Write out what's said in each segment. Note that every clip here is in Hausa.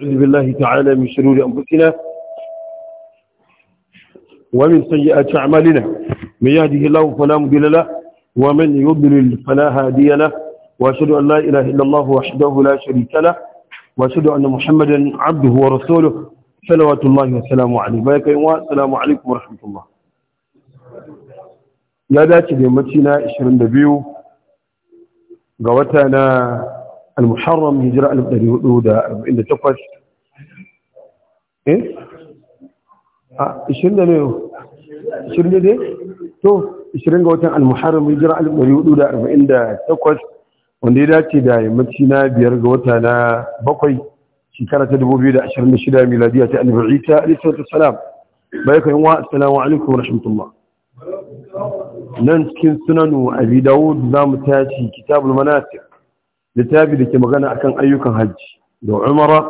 أعوذ بالله تعالى من شرور أنفسنا ومن سيئات أعمالنا من يهده الله فلا مضل له ومن يضلل فلا هادي له وأشهد أن لا إله إلا الله وحده لا شريك له وأشهد أن محمدا عبده ورسوله صلوات الله وسلامه عليه بارك السلام عليكم ورحمة الله يا ذات يومتنا 22 غوتنا al-muharram 1448 eh a da da ga watan wanda ya dace da yammaci na biyar ga wata na bakwai shekara ta 2026 miladiya ta annabi Isa wata salam baraka yin wa assalamu alaikum wa rahmatullah nan cikin sunanu abi dawud zamu tashi kitabul manasik littafi da ke magana akan ayyukan hajji da umara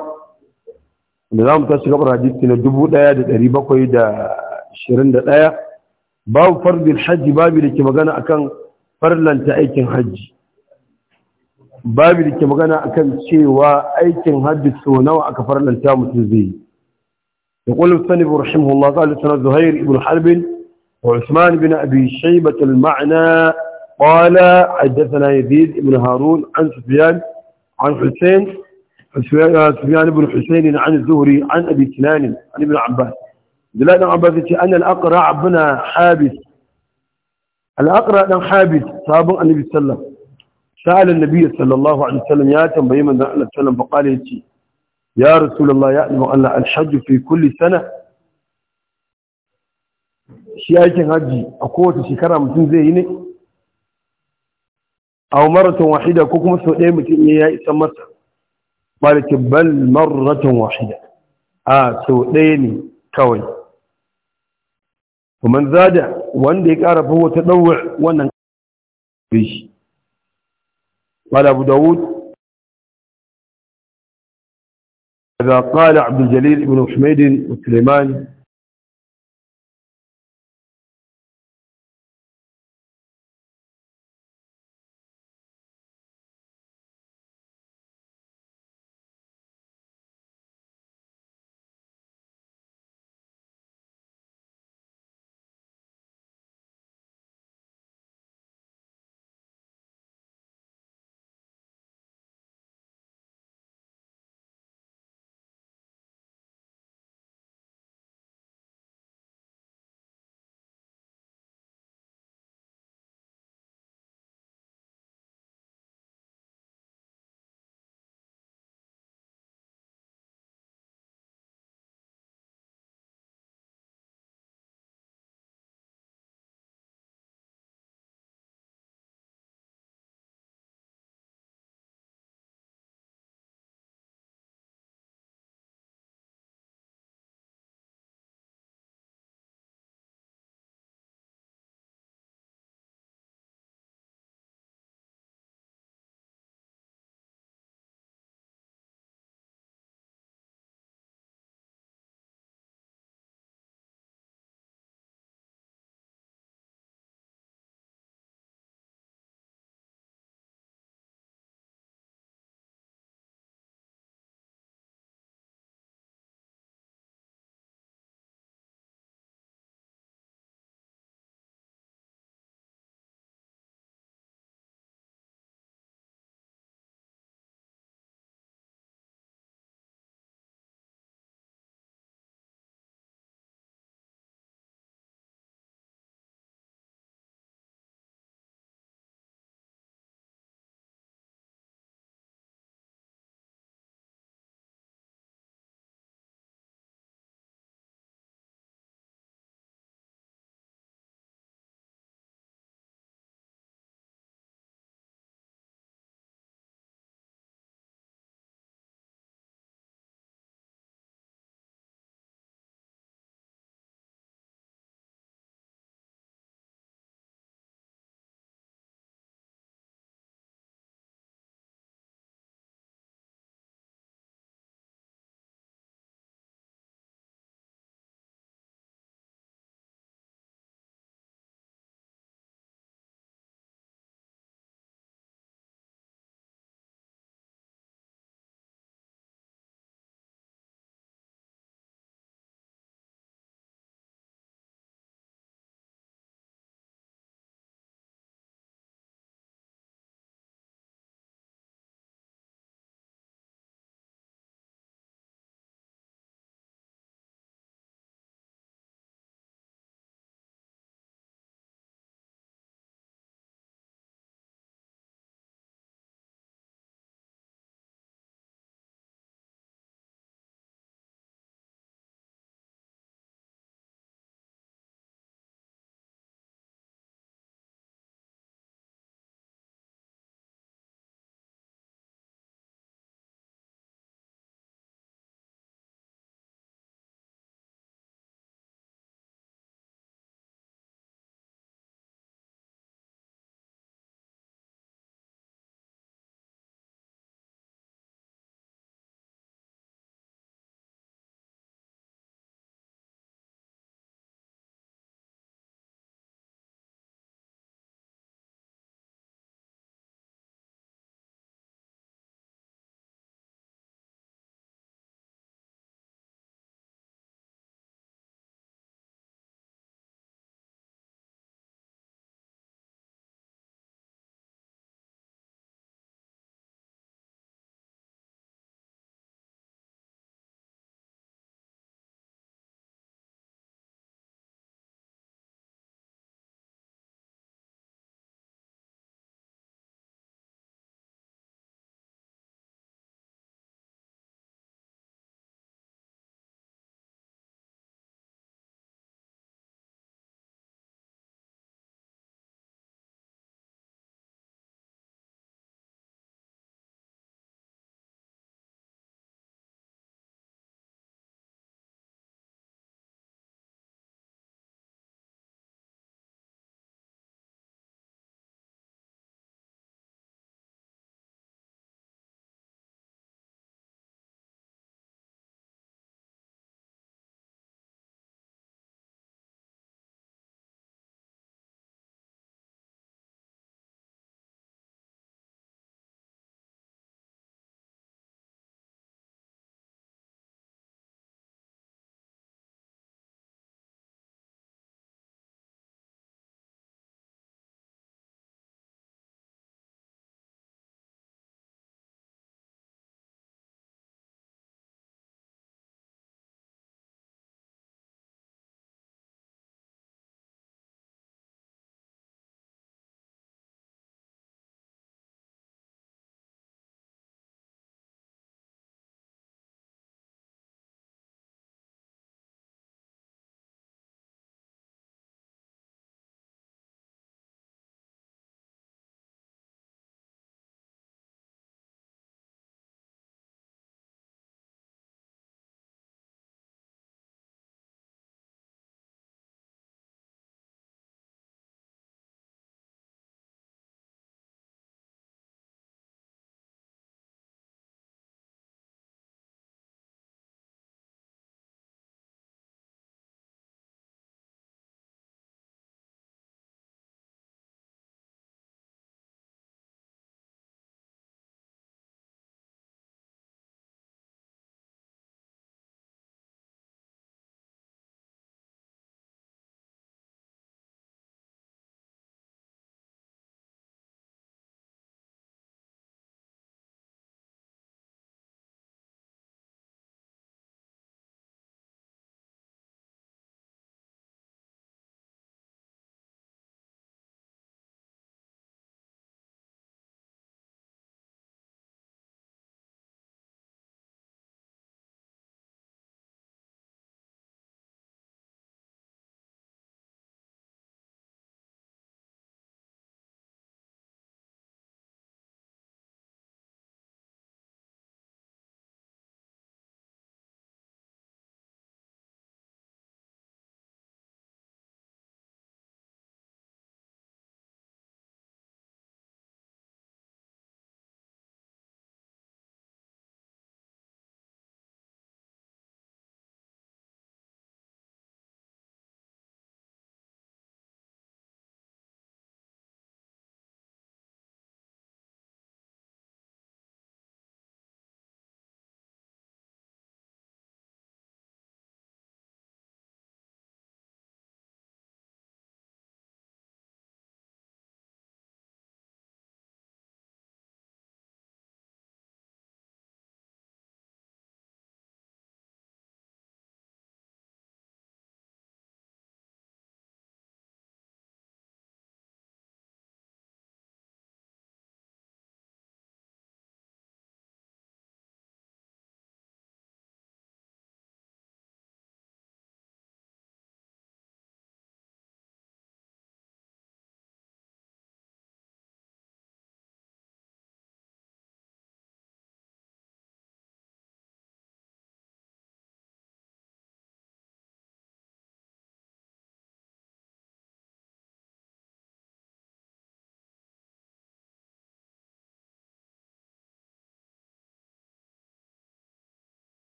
da za mu tashi gabar hadisi na 1721 babu fardin hajji babu da ke magana akan farlanta aikin hajji babu da ke magana akan cewa aikin hajji so nawa aka farlanta mutum zai yi يقول الثاني رحمه الله قال لسنا ibn harbin حرب وعثمان bin أبي شيبة ma'ana. قال حدثنا يزيد بن هارون عن سفيان عن حسين سفيان بن حسين عن الزهري عن أبي كنان عن ابن عباس دلال ابن عباس أن الأقرع بن حابس الأقرع بن حابس صاحب النبي صلى الله عليه وسلم سأل النبي صلى الله عليه وسلم يا تنبي من ذا الله وسلم فقال يتي يا رسول الله يعلم أن الحج في كل سنة شيء أيكي هجي أقوة شكرا متنزيني aw maratan wahida ko kuma sau ɗaya mutum ne ya isa masa malaki bal maratan wahida a sau ɗaya ne kawai Kuma zada wanda ya ƙara fi wata ɗauwar wannan shi قال أبو داود daga ƙala عبد jalil ibn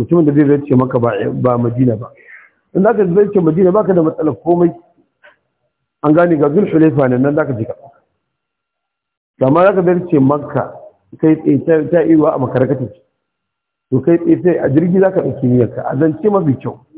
mutumin da zai ce maka ba madina ba in za ka zai ce madina ba ka da matsalar komai an gane ga zulfi laifa ne nan za ka ji ka amma za ka zai ce maka kai tsaye ta iya a makarakatar to kai tsaye a jirgi za ka ɗauki ka, a zance mafi kyau